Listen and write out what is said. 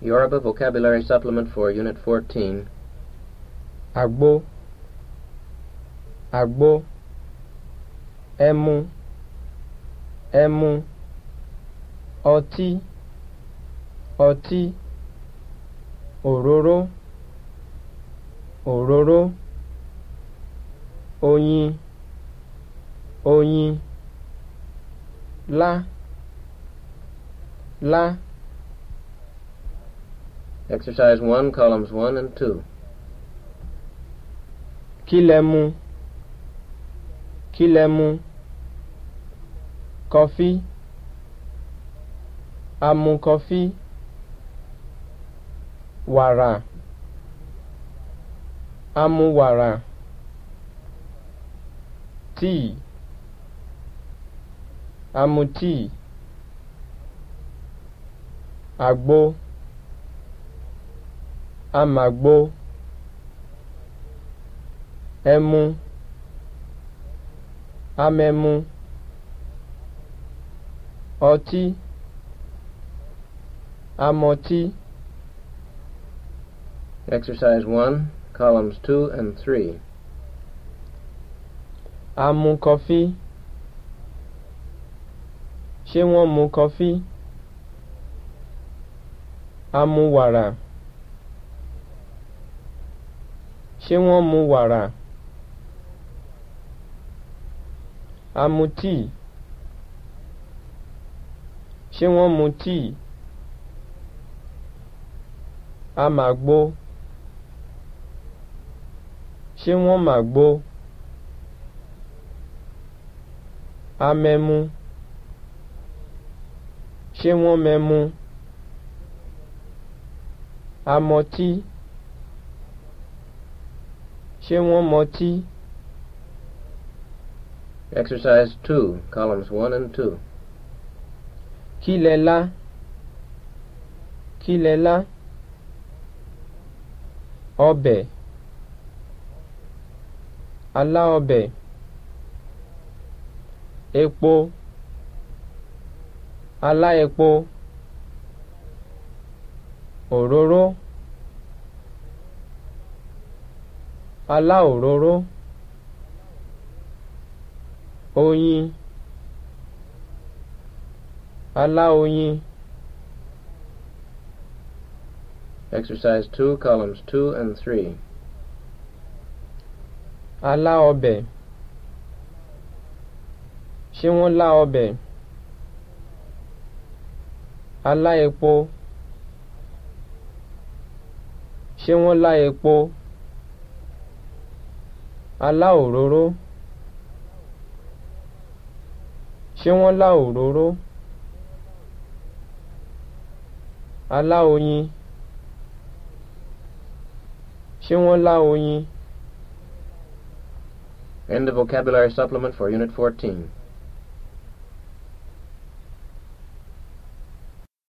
Yoruba Vocabulary Supplement for Unit 14. Agbo. Agbo. Emu. Emu. Oti. Oti. Òróró. Òróró. Oyin. Oyin. La. La. Exercise 1, columns 1 and 2. Kilemu, Kilemu, coffee. Amu coffee, wara. Amu wara, tea. Amu tea, agbo amagbo ẹmu amẹmu ọtí amọtí. Exercise one, columns two and three. Amu mu kọfí. Ṣé wọ́n mu kọfí? Amu mu wàrà. ṣé wọ́n mu wàrà a mu tíì ṣé wọ́n mu tíì a máa gbó ṣé wọ́n máa gbó a mẹ́mu ṣé wọ́n mẹ́mu a ṣé wọ́n mọtí? Exercise two, columns one and two. Kí lẹ lá? Kí lẹ lá? Ọbẹ̀. Alá ọbẹ̀. Epo. Alá epo. Òróró. aláòróró oyin aláoyin. Exercise two, columns two and three. Alá ọbẹ̀. Ṣé wọ́n lá ọbẹ̀? Alá epo. Ṣé wọ́n lá epo? alá òróró ṣé wọ́n lá òróró alá oyin ṣé wọ́n lá oyin. End the vocabulary supplement for Unit 14.